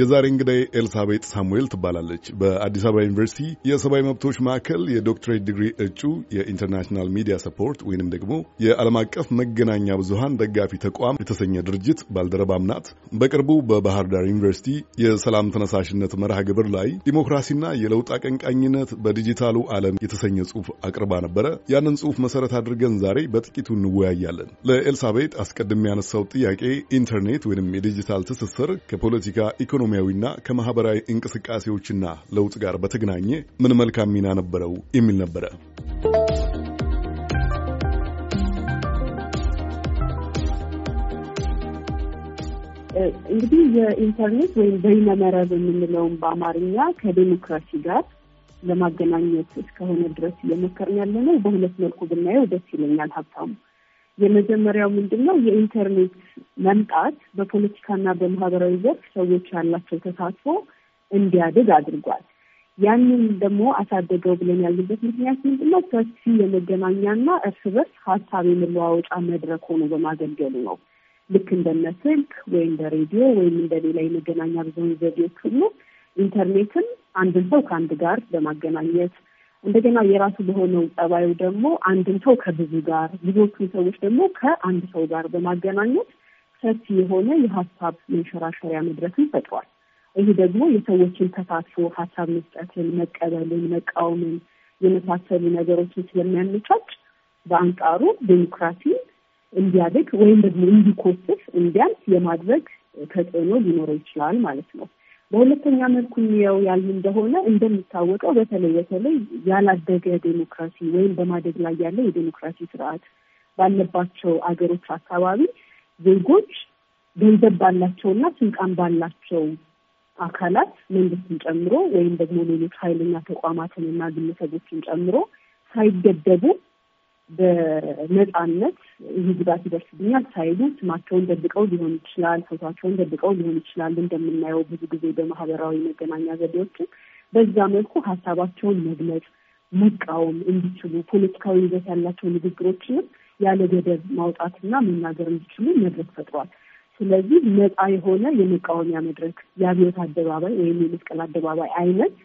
የዛሬ እንግዳይ ኤልሳቤጥ ሳሙኤል ትባላለች። በአዲስ አበባ ዩኒቨርሲቲ የሰብአዊ መብቶች ማዕከል የዶክትሬት ዲግሪ እጩ የኢንተርናሽናል ሚዲያ ሰፖርት ወይንም ደግሞ የዓለም አቀፍ መገናኛ ብዙሃን ደጋፊ ተቋም የተሰኘ ድርጅት ባልደረባም ናት። በቅርቡ በባህር ዳር ዩኒቨርሲቲ የሰላም ተነሳሽነት መርሃ ግብር ላይ ዲሞክራሲና የለውጥ አቀንቃኝነት በዲጂታሉ ዓለም የተሰኘ ጽሑፍ አቅርባ ነበረ። ያንን ጽሑፍ መሰረት አድርገን ዛሬ በጥቂቱ እንወያያለን። ለኤልሳቤጥ አስቀድሜ ያነሳው ጥያቄ ኢንተርኔት ወይንም የዲጂታል ትስስር ከፖለቲካ ኢኮኖሚ ከኢኮኖሚያዊና ከማህበራዊ እንቅስቃሴዎችና ለውጥ ጋር በተገናኘ ምን መልካም ሚና ነበረው የሚል ነበረ። እንግዲህ የኢንተርኔት ወይም በይነመረብ የምንለውን በአማርኛ ከዴሞክራሲ ጋር ለማገናኘት እስከሆነ ድረስ እየሞከርን ያለ ነው። በሁለት መልኩ ብናየው ደስ ይለኛል ሀብታሙ የመጀመሪያው ምንድን ነው የኢንተርኔት መምጣት በፖለቲካና በማህበራዊ ዘርፍ ሰዎች ያላቸው ተሳትፎ እንዲያድግ አድርጓል። ያንን ደግሞ አሳደገው ብለን ያሉበት ምክንያት ምንድን ነው? ሰፊ የመገናኛና እርስ በርስ ሀሳብ የመለዋወጫ መድረክ ሆኖ በማገልገሉ ነው። ልክ እንደነ ስልክ ወይ እንደ ሬዲዮ ወይም ሌላ የመገናኛ ብዙኃን ዘዴዎች ሁሉ ኢንተርኔትን አንድን ሰው ከአንድ ጋር በማገናኘት እንደገና የራሱ በሆነው ጸባዩ ደግሞ አንድን ሰው ከብዙ ጋር ብዙዎቹን ሰዎች ደግሞ ከአንድ ሰው ጋር በማገናኘት ሰፊ የሆነ የሀሳብ መንሸራሸሪያ መድረክን ፈጥሯል። ይህ ደግሞ የሰዎችን ተሳትፎ፣ ሀሳብ መስጠትን፣ መቀበልን፣ መቃወምን የመሳሰሉ ነገሮችን ስለሚያመቻች በአንጻሩ ዴሞክራሲ እንዲያድግ ወይም ደግሞ እንዲኮስፍ፣ እንዲያንስ የማድረግ ተጽዕኖ ሊኖረው ይችላል ማለት ነው። በሁለተኛ መልኩ የሚየው ያል እንደሆነ እንደሚታወቀው በተለይ በተለይ ያላደገ ዴሞክራሲ ወይም በማደግ ላይ ያለ የዴሞክራሲ ስርዓት ባለባቸው አገሮች አካባቢ ዜጎች ገንዘብ ባላቸውና ስልጣን ባላቸው አካላት መንግስትን ጨምሮ ወይም ደግሞ ሌሎች ኃይለኛ ተቋማትንና ግለሰቦችን ጨምሮ ሳይገደቡ በነፃነት ይህ ጉዳት ይደርስብኛል ሳይሉ ስማቸውን ደብቀው ሊሆን ይችላል፣ ፎቷቸውን ደብቀው ሊሆን ይችላል። እንደምናየው ብዙ ጊዜ በማህበራዊ መገናኛ ዘዴዎችን በዛ መልኩ ሀሳባቸውን መግለጽ መቃወም እንዲችሉ ፖለቲካዊ ይዘት ያላቸው ንግግሮችንም ያለ ገደብ ማውጣትና መናገር እንዲችሉ መድረክ ፈጥሯል። ስለዚህ ነፃ የሆነ የመቃወሚያ መድረክ የአብዮት አደባባይ ወይም የመስቀል አደባባይ አይነት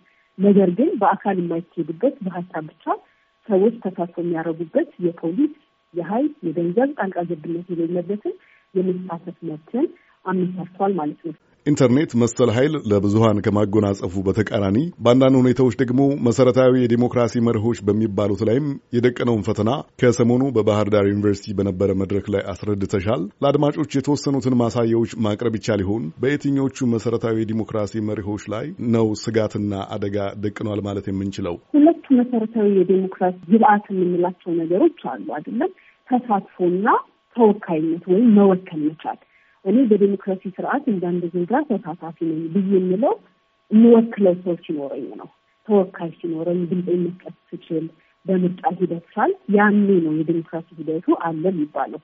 ነገር ግን በአካል የማይትሄድበት በሀሳብ ብቻ ሰዎች ተሳትፎ የሚያደርጉበት የፖሊስ የኃይል የገንዘብ ጣልቃ ገብነት የሌለበትን የመሳተፍ መብትን አመቻችቷል ማለት ነው። ኢንተርኔት መሰል ኃይል ለብዙሃን ከማጎናጸፉ በተቃራኒ በአንዳንድ ሁኔታዎች ደግሞ መሰረታዊ የዲሞክራሲ መርሆች በሚባሉት ላይም የደቀነውን ፈተና ከሰሞኑ በባህር ዳር ዩኒቨርሲቲ በነበረ መድረክ ላይ አስረድተሻል። ለአድማጮች የተወሰኑትን ማሳያዎች ማቅረብ ይቻል ይሆን? በየትኞቹ መሰረታዊ የዲሞክራሲ መርሆች ላይ ነው ስጋትና አደጋ ደቅኗል ማለት የምንችለው? ሁለቱ መሰረታዊ የዲሞክራሲ ግብአት የምንላቸው ነገሮች አሉ አይደለም? ተሳትፎና ተወካይነት ወይም መወከል መቻል እኔ በዴሞክራሲ ስርዓት እንዳንድ ዜጋ ተሳታፊ ነኝ ብዬ የምለው የምወክለው ሰው ሲኖረኝ ነው። ተወካይ ሲኖረኝ ድምፄን መስጠት ስችል በምርጫ ሂደት ሳል ያኔ ነው የዴሞክራሲ ሂደቱ አለ የሚባለው።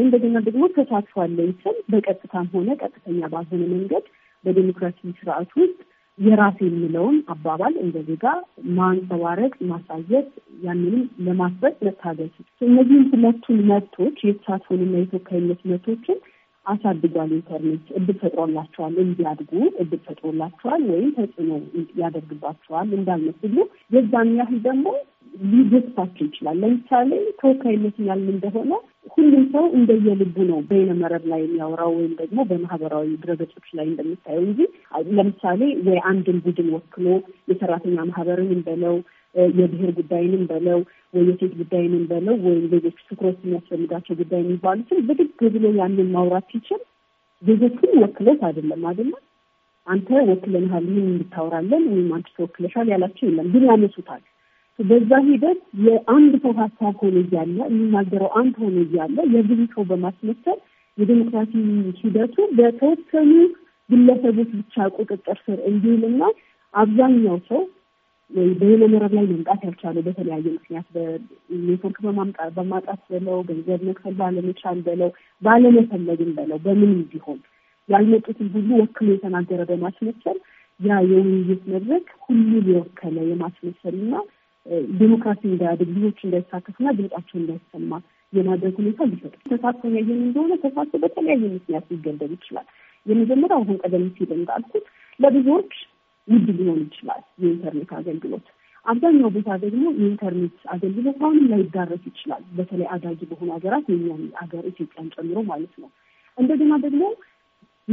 እንደገና ደግሞ ተሳትፏለኝ ስል በቀጥታም ሆነ ቀጥተኛ ባልሆነ መንገድ በዴሞክራሲ ስርዓት ውስጥ የራሴ የምለውን አባባል እንደ ዜጋ ማንጸባረቅ፣ ማሳየት፣ ያንንም ለማስበት መታገል እነዚህም ሁለቱን መብቶች የተሳትፎንና የተወካይነት መብቶችን አሳድጓል። ኢንተርኔት እድል ፈጥሮላቸዋል፣ እንዲያድጉ እድል ፈጥሮላቸዋል ወይም ተጽዕኖ ያደርግባቸዋል እንዳልመስሉ የዛን ያህል ደግሞ ሊገዝፋቸው ይችላል። ለምሳሌ ተወካይነት ያል እንደሆነ ሁሉም ሰው እንደየልቡ ነው በይነ ላይ የሚያወራው ወይም ደግሞ በማህበራዊ ድረገጾች ላይ እንደምታየው እንጂ ለምሳሌ ወይ አንድን ቡድን ወክሎ የሰራተኛ ማህበርን እንበለው የብሔር ጉዳይንም በለው ወይ የሴት ጉዳይንም በለው ወይም ሌሎች ትኩረት የሚያስፈልጋቸው ጉዳይ የሚባሉትን ብድግ ብሎ ያንን ማውራት ሲችል ዜጎቹን ወክሎት አይደለም አይደለም አንተ ወክለንሃል ይህን እንድታወራለን ወይም አንቺ ተወክለሻል ያላቸው የለም፣ ግን ያነሱታል። በዛ ሂደት የአንድ ሰው ሀሳብ ሆኖ እያለ የሚናገረው አንድ ሆኖ እያለ የብዙ ሰው በማስመሰል የዴሞክራሲ ሂደቱ በተወሰኑ ግለሰቦች ብቻ ቁጥጥር ስር እንዲውልና አብዛኛው ሰው በሌለ መረብ ላይ መምጣት ያልቻሉ በተለያየ ምክንያት ኔትወርክ በማጣት በለው ገንዘብ መክፈል ባለመቻል በለው ባለመፈለግም በለው በምንም ቢሆን ያልመጡትን ሁሉ ወክሎ የተናገረ በማስመሰል ያ የውይይት መድረክ ሁሉ የወከለ የማስመሰል እና ዴሞክራሲ እንዳያድግ ልጆች እንዳይሳተፉና ድምጻቸው እንዳይሰማ የማድረግ ሁኔታ ሊሰጥ ተሳትፎ ያየን እንደሆነ ተሳትፎ በተለያየ ምክንያት ሊገደብ ይችላል። የመጀመሪያው አሁን ቀደም ሲል እንዳልኩት ለብዙዎች ውድ ሊሆን ይችላል የኢንተርኔት አገልግሎት። አብዛኛው ቦታ ደግሞ የኢንተርኔት አገልግሎት አሁንም ላይዳረስ ይችላል። በተለይ አዳጊ በሆኑ ሀገራት የኛን ሀገር ኢትዮጵያን ጨምሮ ማለት ነው። እንደገና ደግሞ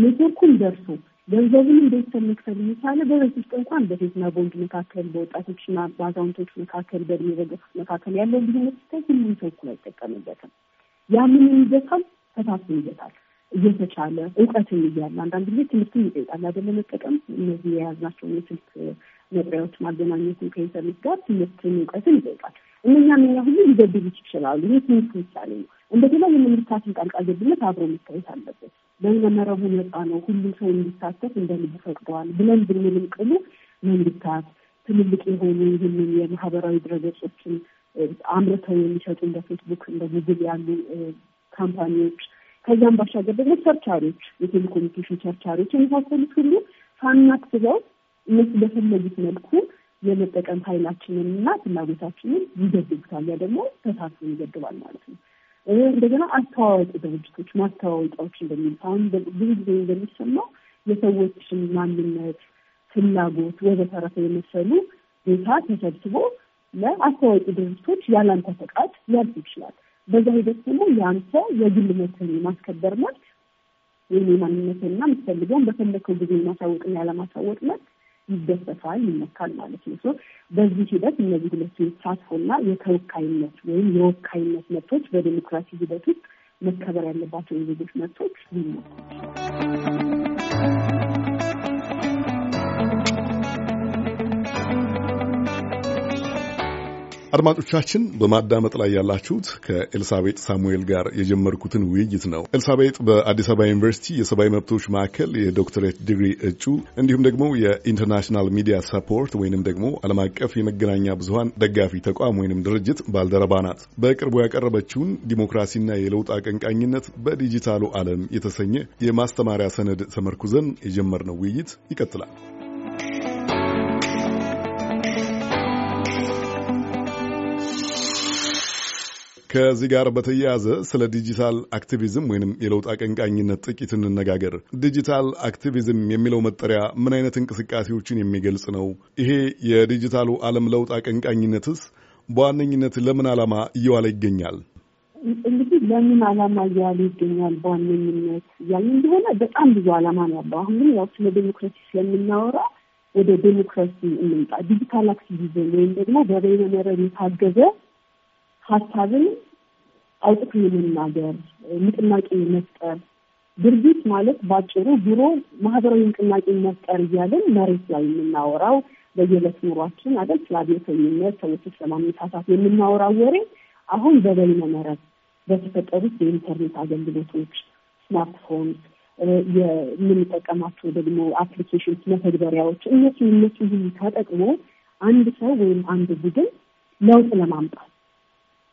ኔትወርኩን ደርሶ ገንዘብን ቤተሰብ መክፈል የሚቻለ በቤት ውስጥ እንኳን በሴትና በወንድ መካከል፣ በወጣቶችና በአዛውንቶች መካከል፣ በእድሜ በገፉ መካከል ያለው ልዩነት ስታይ ሁሉም ሰው እኩል አይጠቀምበትም። ያንን ይዘታል ተሳስቦ ይዘታል። እየተቻለ እውቀትም እያለ አንዳንድ ጊዜ ትምህርትም ይጠይቃል አይደለ? ለመጠቀም እነዚህ የያዝናቸው የስልክ መጥሪያዎች ማገናኘትን ከኢንተርኔት ጋር ትምህርትን እውቀትን ይጠይቃል። እነኛ እነኛ ሁሉ ሊገድቡት ይችላሉ። ይህ ትምህርት ምሳሌ ነው። እንደገና የመንግስታትን ጣልቃ ገብነት አብሮ መታየት አለበት። በይነመረቡ ነፃ ነው፣ ሁሉም ሰው እንዲሳተፍ እንደ ልብ ፈቅደዋል ብለን ብንልም ቅሉ መንግስታት ትልልቅ የሆኑ ይህንን የማህበራዊ ድረገጾችን አምርተው የሚሰጡ እንደ ፌስቡክ እንደ ጉግል ያሉ ካምፓኒዎች ከዚያም ባሻገር ደግሞ ቸርቻሪዎች፣ የቴሌኮሙኒኬሽን ቸርቻሪዎች የመሳሰሉት ሁሉ ሳናስበው እነሱ በፈለጉት መልኩ የመጠቀም ኃይላችንን እና ፍላጎታችንን ይገድቡታል። ያ ደግሞ ተሳትፎ ይገድባል ማለት ነው። እንደገና አስተዋዋቂ ድርጅቶች ማስተዋወቂያዎች እንደሚል አሁን ብዙ ጊዜ እንደሚሰማው የሰዎችን ማንነት፣ ፍላጎት ወዘተረፈ የመሰሉ ቤታ ተሰብስቦ ለአስተዋወቂ ድርጅቶች ያላንተ ፈቃድ ሊያልፍ ይችላል። በዛ ሂደት ደግሞ የአንተ የግል የማስከበር መብት ወይም የማንነትህንና የምትፈልገውን በፈለከው ጊዜ የማሳወቅና ያለማሳወቅ መብት ይደሰታል፣ ይመካል ማለት ነው። በዚህ ሂደት እነዚህ ሁለቱ የተሳትፎና የተወካይነት ወይም የወካይነት መብቶች በዲሞክራሲ ሂደት ውስጥ መከበር ያለባቸው የዜጎች መብቶች ይመካል። አድማጮቻችን በማዳመጥ ላይ ያላችሁት ከኤልሳቤጥ ሳሙኤል ጋር የጀመርኩትን ውይይት ነው። ኤልሳቤጥ በአዲስ አበባ ዩኒቨርሲቲ የሰብአዊ መብቶች ማዕከል የዶክተሬት ዲግሪ እጩ እንዲሁም ደግሞ የኢንተርናሽናል ሚዲያ ሰፖርት ወይንም ደግሞ ዓለም አቀፍ የመገናኛ ብዙሀን ደጋፊ ተቋም ወይንም ድርጅት ባልደረባ ናት። በቅርቡ ያቀረበችውን ዲሞክራሲና የለውጥ አቀንቃኝነት በዲጂታሉ ዓለም የተሰኘ የማስተማሪያ ሰነድ ተመርኩዘን የጀመርነው ውይይት ይቀጥላል። ከዚህ ጋር በተያያዘ ስለ ዲጂታል አክቲቪዝም ወይንም የለውጥ አቀንቃኝነት ጥቂት እንነጋገር። ዲጂታል አክቲቪዝም የሚለው መጠሪያ ምን አይነት እንቅስቃሴዎችን የሚገልጽ ነው? ይሄ የዲጂታሉ ዓለም ለውጥ አቀንቃኝነትስ በዋነኝነት ለምን ዓላማ እየዋለ ይገኛል? እንግዲህ ለምን ዓላማ እያሉ ይገኛል በዋነኝነት እያለ እንደሆነ በጣም ብዙ ዓላማ ነው ያለው። አሁን ግን ያው ስለ ዴሞክራሲ ስለምናወራ ወደ ዴሞክራሲ እንምጣ። ዲጂታል አክቲቪዝም ወይም ደግሞ በበይነመረብ የታገዘ ሀሳብን አውጥቶ የመናገር ንቅናቄ መፍጠር ድርጊት ማለት ባጭሩ ቢሮ ማህበራዊ ንቅናቄ መፍጠር እያለን መሬት ላይ የምናወራው በየዕለት ኑሯችን አደል ስለ አብዮተኝነት ሰዎችን ለማመሳሳት የምናወራው ወሬ አሁን በበይነ መረብ በተፈጠሩት የኢንተርኔት አገልግሎቶች ስማርትፎን የምንጠቀማቸው ደግሞ አፕሊኬሽን መተግበሪያዎች እነሱ እነሱ ተጠቅሞ አንድ ሰው ወይም አንድ ቡድን ለውጥ ለማምጣት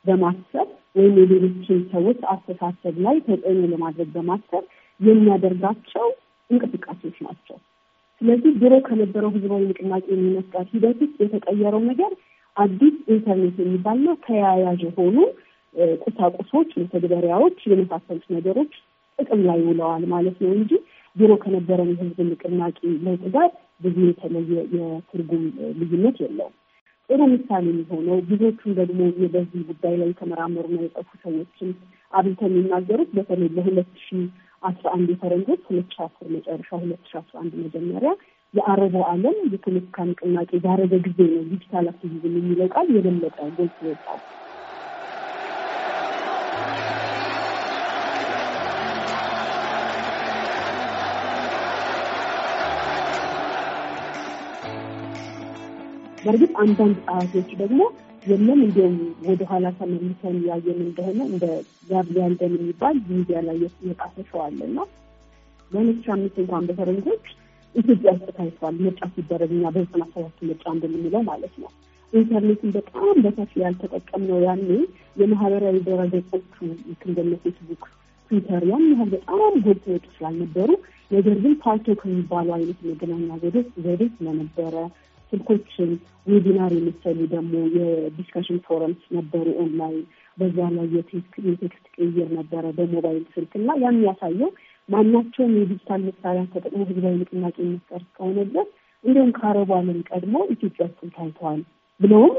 በማሰብ ወይም የሌሎችን ሰዎች አስተሳሰብ ላይ ተጽዕኖ ለማድረግ በማሰብ የሚያደርጋቸው እንቅስቃሴዎች ናቸው። ስለዚህ ድሮ ከነበረው ህዝባዊ ንቅናቄ የሚመስላት ሂደት ውስጥ የተቀየረው ነገር አዲስ ኢንተርኔት የሚባልና ተያያዥ የሆኑ ቁሳቁሶች፣ መተግበሪያዎች፣ የመሳሰሉት ነገሮች ጥቅም ላይ ውለዋል ማለት ነው እንጂ ድሮ ከነበረን የህዝብ ንቅናቄ ለውጥ ጋር ብዙ የተለየ የትርጉም ልዩነት የለውም። ጥሩ ምሳሌ የሚሆነው ብዙዎቹም ደግሞ በዚህ ጉዳይ ላይ የተመራመሩ የተመራመሩና የጠፉ ሰዎችን አብልተ የሚናገሩት በተለይ በሁለት ሺ አስራ አንድ የፈረንጆች ሁለት ሺ አስር መጨረሻ ሁለት ሺ አስራ አንድ መጀመሪያ የአረበው ዓለም የፖለቲካ ንቅናቄ ባረገ ጊዜ ነው ዲጂታል አክቲቪዝም የሚለው ቃል የበለጠ ጎልቶ ወጣው። በእርግጥ አንዳንድ ጸሐፊዎች ደግሞ የለም እንዲሁም ወደኋላ ተመልሰን ያየን እንደሆነ እንደ ጋብሊያል ደን የሚባል ሚዲያ ላይ የጣፈ ሸዋል እና በሁለት ሺህ አምስት እንኳን በፈረንጆች ኢትዮጵያ ውስጥ ታይቷል። ምርጫ ሲደረግ እኛ በዘጠና ሰባት ምርጫ እንደምንለው ማለት ነው። ኢንተርኔትን በጣም በሰፊ ያልተጠቀምነው ያኔ የማህበራዊ ድረገጾቹ እንደነ ፌስቡክ፣ ትዊተር ያን ያህል በጣም ጎልቶ ወጡ ስላልነበሩ ነገር ግን ፓልቶ ከሚባሉ አይነት መገናኛ ዘዴ ስለነበረ ስልኮችን፣ ዌቢናር የመሰሉ ደግሞ የዲስካሽን ፎረምስ ነበሩ ኦንላይን። በዛ ላይ የቴክስት ቅይር ነበረ በሞባይል ስልክ እና ያን ያሳየው ማናቸውም የዲጂታል መሳሪያ ተጠቅሞ ህዝባዊ ንቅናቄ መፍጠር እስከሆነ ድረስ እንዲሁም ከአረቡ ዓለም ቀድሞ ኢትዮጵያ ውስጥም ታይተዋል ብለውም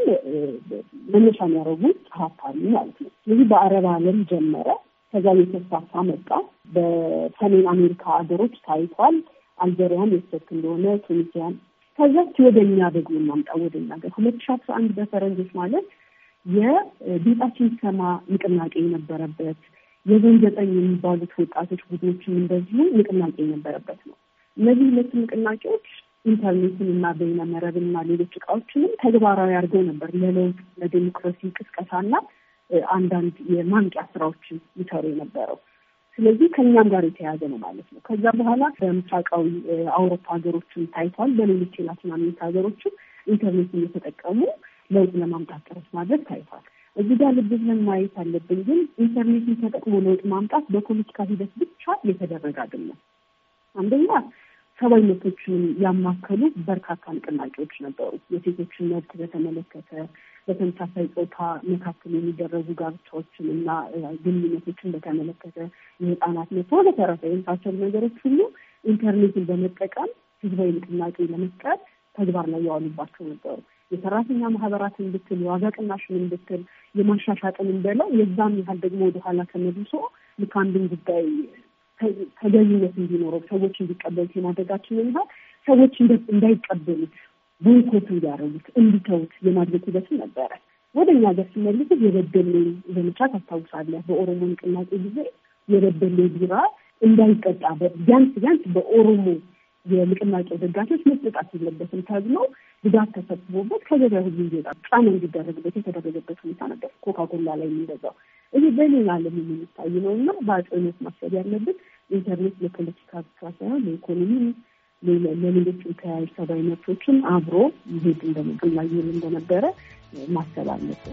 መነሻ የሚያደርጉ ጸሐፍት አሉ ማለት ነው። ስለዚህ በአረብ ዓለም ጀመረ። ከዛ የተስፋፋ መጣ። በሰሜን አሜሪካ ሀገሮች ታይቷል። አልጀሪያን የተሰክ እንደሆነ ቱኒዚያን ከዛች ወደ እኛ ደግሞ እናምጣው ወደ እኛ ሀገር ሁለት ሺ አስራ አንድ በፈረንጆች ማለት የድምጻችን ሰማ ንቅናቄ የነበረበት የዞን ዘጠኝ የሚባሉት ወጣቶች ቡድኖችም እንደዚሁ ንቅናቄ የነበረበት ነው። እነዚህ ሁለቱ ንቅናቄዎች ኢንተርኔትን እና በይነ መረብን እና ሌሎች እቃዎችንም ተግባራዊ አድርገው ነበር ለለውጥ ለዴሞክራሲ ቅስቀሳና አንዳንድ የማንቂያ ስራዎችን ይሰሩ የነበረው ስለዚህ ከኛም ጋር የተያያዘ ነው ማለት ነው። ከዛ በኋላ በምስራቃዊ አውሮፓ ሀገሮችም ታይቷል። በሌሎች የላቲን አሜሪካ ሀገሮችም ኢንተርኔት እየተጠቀሙ ለውጥ ለማምጣት ጥረት ማድረግ ታይቷል። እዚህ ጋር ልብ ብለን ማየት አለብን። ግን ኢንተርኔትን ተጠቅሞ ለውጥ ማምጣት በፖለቲካ ሂደት ብቻ የተደረገ አይደለም። አንደኛ ሰብአዊ ያማከሉ በርካታ ንቅናቄዎች ነበሩ። የሴቶችን መብት በተመለከተ በተመሳሳይ ፆታ መካከል የሚደረጉ ጋብቻዎችን እና ግንኙነቶችን በተመለከተ የህፃናት መብት ወዘተረፈ የመሳሰሉ ነገሮች ሁሉ ኢንተርኔትን በመጠቀም ህዝባዊ ንቅናቄ ለመፍጠር ተግባር ላይ የዋሉባቸው ነበሩ። የሰራተኛ ማህበራትን ብትል፣ የዋጋ ቅናሽን ብትል፣ የማሻሻጥን ብለው የዛም ያህል ደግሞ ወደኋላ ተመልሶ ልክ አንድን ጉዳይ ተገቢነት እንዲኖረው ሰዎች እንዲቀበሉት የማድረጋችን ያህል ሰዎች እንዳይቀበሉት ቦይኮት እንዲያደረጉት እንዲተውት የማድረግ ሂደት ነበረ። ወደ እኛ ሀገር ሲመልሱት የበደሌ ዘመቻ ታስታውሳለህ? በኦሮሞ ንቅናቄ ጊዜ የበደሌ ቢራ እንዳይጠጣ ቢያንስ ቢያንስ በኦሮሞ የንቅናቄው ደጋፊዎች መጠጣት የለበትም ተብሎ ድጋፍ ተሰብስቦበት ከገበያ ሁሉ እንዲወጣ ጫና እንዲደረግበት የተደረገበት ሁኔታ ነበር። ኮካኮላ ላይ የሚገዛው ይህ በሌላ ዓለም የሚታይ ነው እና በአጽንኦት ማሰብ ያለብን ኢንተርኔት ለፖለቲካ ብቻ ሳይሆን ለኢኮኖሚ ለሌሎች ተያያዥ ሰብአዊ መብቶችም አብሮ ይሄድ እንደሚገኝ ይል እንደነበረ ማሰብ አለበት።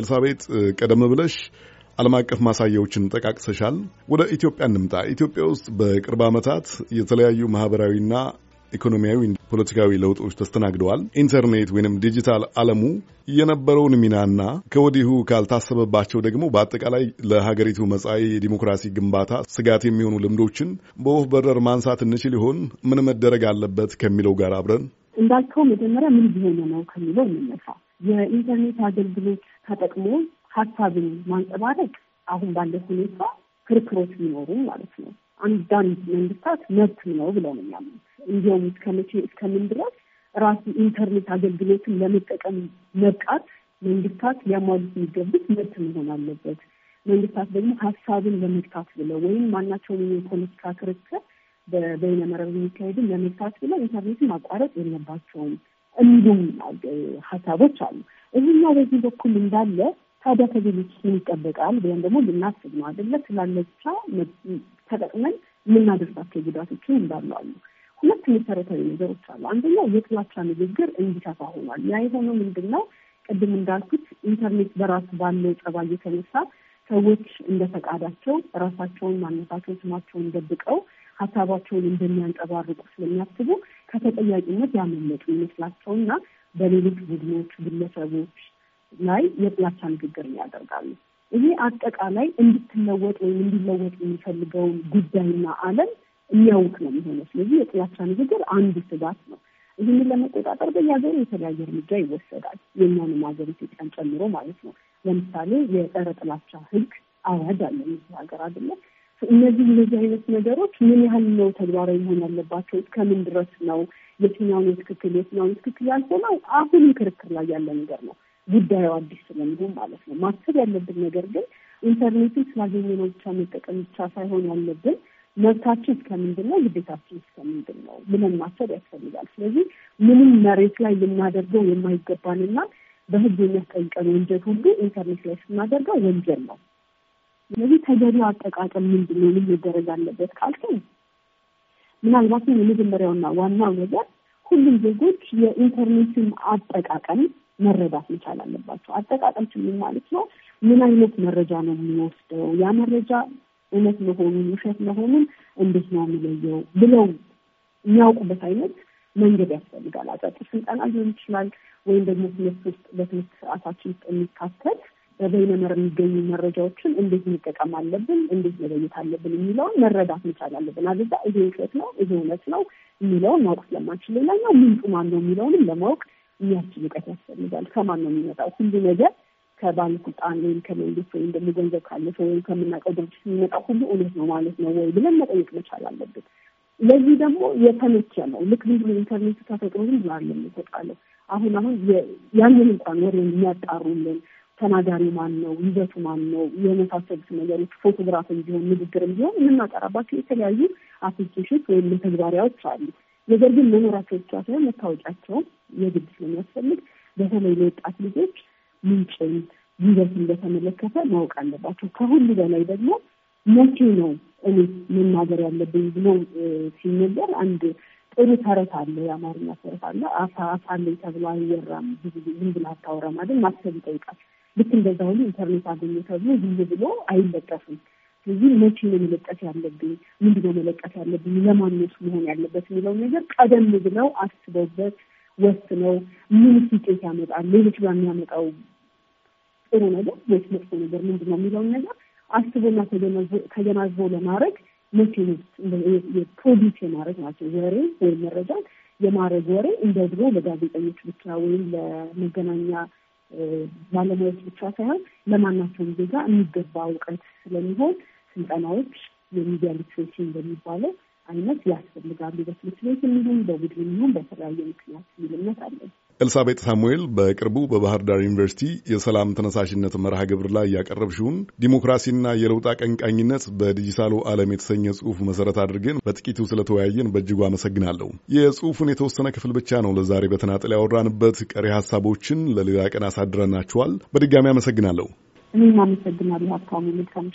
ኤልሳቤጥ ቀደም ብለሽ ዓለም አቀፍ ማሳያዎችን ጠቃቅሰሻል። ወደ ኢትዮጵያ እንምጣ። ኢትዮጵያ ውስጥ በቅርብ ዓመታት የተለያዩ ማህበራዊና ኢኮኖሚያዊ፣ ፖለቲካዊ ለውጦች ተስተናግደዋል። ኢንተርኔት ወይንም ዲጂታል ዓለሙ የነበረውን ሚናና ከወዲሁ ካልታሰበባቸው ደግሞ በአጠቃላይ ለሀገሪቱ መጻኢ የዲሞክራሲ ግንባታ ስጋት የሚሆኑ ልምዶችን በወፍ በረር ማንሳት እንችል ይሆን? ምን መደረግ አለበት ከሚለው ጋር አብረን እንዳልከው መጀመሪያ ምን ቢሆነ ነው ከሚለው እንነሳ። የኢንተርኔት አገልግሎት ተጠቅሞ ሀሳብን ማንጸባረቅ አሁን ባለ ሁኔታ ክርክሮች ቢኖሩ ማለት ነው አንዳንድ መንግስታት መብት ነው ብለው ነው የሚያምኑት። እንዲሁም እስከመቼ እስከምን ድረስ ራሱ ኢንተርኔት አገልግሎትን ለመጠቀም መብቃት መንግስታት ሊያሟሉት የሚገቡት መብት መሆን አለበት። መንግስታት ደግሞ ሀሳብን ለመግታት ብለው ወይም ማናቸውን የፖለቲካ ክርክር በበይነ የሚካሄድን ለመግታት ብለው ኢንተርኔትን ማቋረጥ የለባቸውም እንዲሁም ሀሳቦች አሉ። እዚህኛው በዚህ በኩል እንዳለ ታዲያ ከዚህ ልጅ ምን ይጠበቃል ብለን ደግሞ ልናስብ ነው አደለ? ስላለ ብቻ ተጠቅመን የምናደርሳቸው ጉዳቶችን እንዳለዋሉ ሁለት መሰረታዊ ነገሮች አሉ። አንደኛው የጥላቻ ንግግር እንዲሰፋ ሆኗል። ያ የሆነው ምንድን ነው? ቅድም እንዳልኩት ኢንተርኔት በራሱ ባለው ጸባይ የተነሳ ሰዎች እንደ ፈቃዳቸው ራሳቸውን፣ ማንነታቸውን፣ ስማቸውን ደብቀው ሀሳባቸውን እንደሚያንጸባርቁ ስለሚያስቡ ከተጠያቂነት ያመለጡ ይመስላቸውና በሌሎች ቡድኖች፣ ግለሰቦች ላይ የጥላቻ ንግግር ያደርጋሉ። ይሄ አጠቃላይ እንድትለወጥ ወይም እንዲለወጥ የሚፈልገውን ጉዳይና ዓለም የሚያውቅ ነው የሚሆነው። ስለዚህ የጥላቻ ንግግር አንዱ ስጋት ነው። ይህንን ለመቆጣጠር በየሀገሩ የተለያየ እርምጃ ይወሰዳል። የእኛንም ሀገር ኢትዮጵያን ጨምሮ ማለት ነው። ለምሳሌ የጸረ ጥላቻ ህግ አዋጅ አለ እዚህ ሀገር አይደለ። እነዚህ እነዚህ አይነት ነገሮች ምን ያህል ነው ተግባራዊ መሆን ያለባቸው? እስከምን ድረስ ነው? የትኛውን ትክክል የትኛውን ትክክል ያልሆነው? አሁንም ክርክር ላይ ያለ ነገር ነው። ጉዳዩ አዲስ ስለሚሆ ማለት ነው። ማሰብ ያለብን ነገር ግን ኢንተርኔትን ስላገኘነው ብቻ መጠቀም ብቻ ሳይሆን ያለብን መብታችን እስከምንድን ነው፣ ግዴታችን እስከምንድን ነው ብለን ማሰብ ያስፈልጋል። ስለዚህ ምንም መሬት ላይ የናደርገው የማይገባንና በህግ የሚያስጠይቀን ወንጀል ሁሉ ኢንተርኔት ላይ ስናደርገው ወንጀል ነው። ስለዚህ ተገቢው አጠቃቀም ምንድን ነው፣ ምን መደረግ አለበት ካልከኝ ምናልባትም የመጀመሪያውና ዋናው ነገር ሁሉም ዜጎች የኢንተርኔትን አጠቃቀም መረዳት መቻል አለባቸው። አጠቃቀም ችግር ማለት ነው ምን አይነት መረጃ ነው የሚወስደው፣ ያ መረጃ እውነት መሆኑን ውሸት መሆኑን እንዴት ነው የሚለየው ብለው የሚያውቁበት አይነት መንገድ ያስፈልጋል። አጫጭር ስልጠና ሊሆን ይችላል ወይም ደግሞ ትምህርት ውስጥ በትምህርት ሰዓታችን ውስጥ የሚካተት በበይነመር የሚገኙ መረጃዎችን እንዴት መጠቀም አለብን፣ እንዴት መለየት አለብን የሚለውን መረዳት መቻል አለብን። አለዛ ይሄ ውሸት ነው፣ ይሄ እውነት ነው የሚለውን ማወቅ ስለማንችል ሌላኛው ምንጩ ማን ነው የሚለውንም ለማወቅ የሚያስችል እውቀት ያስፈልጋል። ከማን ነው የሚመጣው? ሁሉ ነገር ከባለስልጣን ወይም ከመንግስት ወይም ደግሞ ገንዘብ ካለፈ ወይም ከምናውቀው ድርጅት የሚመጣው ሁሉ እውነት ነው ማለት ነው ወይ ብለን መጠየቅ መቻል አለብን። ለዚህ ደግሞ የተመቸ ነው። ልክ ዝም ብሎ ኢንተርኔቱ ተፈጥሮ ዝም ብሎ አለ የሚሰጣለው አሁን አሁን ያንን እንኳን ወሬ የሚያጣሩልን ተናጋሪ ማን ነው፣ ይዘቱ ማን ነው፣ የመሳሰሉት ነገሮች ፎቶግራፍም ቢሆን ንግግርም ቢሆን የምናጠራባቸው የተለያዩ አፕሊኬሽን ወይም መተግበሪያዎች አሉ። ነገር ግን መኖራቸው ብቻ ሳይሆን መታወቂያቸውም የግድ ስለሚያስፈልግ በተለይ ለወጣት ልጆች ምንጭን፣ ይዘትን በተመለከተ ማወቅ አለባቸው። ከሁሉ በላይ ደግሞ መቼ ነው እኔ መናገር ያለብኝ ብሎ ሲነገር አንድ ጥሩ ተረት አለ፣ የአማርኛ ተረት አለ። አፋ አፋ አሳለኝ ተብሎ አይወራም፣ ዝም ብለህ አታወራም አይደል? ማሰብ ይጠይቃል። ልክ እንደዛ ሁሉ ኢንተርኔት አገኘ ተብሎ ዝም ብሎ አይለጠፍም። ስለዚህ መቼ ነው መለቀስ ያለብኝ፣ ምንድን ነው መለቀስ ያለብኝ፣ ለማነሱ መሆን ያለበት የሚለው ነገር ቀደም ብለው አስበውበት ወስነው ምን ውጤት ያመጣል፣ ሌሎች በሚያመጣው ጥሩ ነገር ወይስ መጥፎ ነገር ምንድን ነው የሚለውን ነገር አስቦና ተገናዝቦ ለማድረግ መቼ የፕሮዲስ የማድረግ ናቸው ወሬ ወይም መረጃ የማድረግ ወሬ እንደ ድሮ ለጋዜጠኞች ብቻ ወይም ለመገናኛ ባለሙያዎች ብቻ ሳይሆን ለማናቸውም ዜጋ የሚገባ እውቀት ስለሚሆን ስልጠናዎች የሚዲያ ሊትሬሲ እንደሚባለው አይነት ያስፈልጋሉ። በትምህርት ቤት የሚሆን በቡድን የሚሆን በተለያየ ምክንያት የሚል አለን። ኤልሳቤጥ ሳሙኤል በቅርቡ በባህር ዳር ዩኒቨርሲቲ የሰላም ተነሳሽነት መርሃ ግብር ላይ ያቀረብሽውን ዲሞክራሲና የለውጥ አቀንቃኝነት በዲጂታሉ ዓለም የተሰኘ ጽሁፍ መሰረት አድርገን በጥቂቱ ስለተወያየን በእጅጉ አመሰግናለሁ። የጽሁፉን የተወሰነ ክፍል ብቻ ነው ለዛሬ በተናጠል ያወራንበት። ቀሪ ሀሳቦችን ለሌላ ቀን አሳድረናችኋል። በድጋሚ አመሰግናለሁ። እኔም አመሰግናለሁ። ሀብታሙ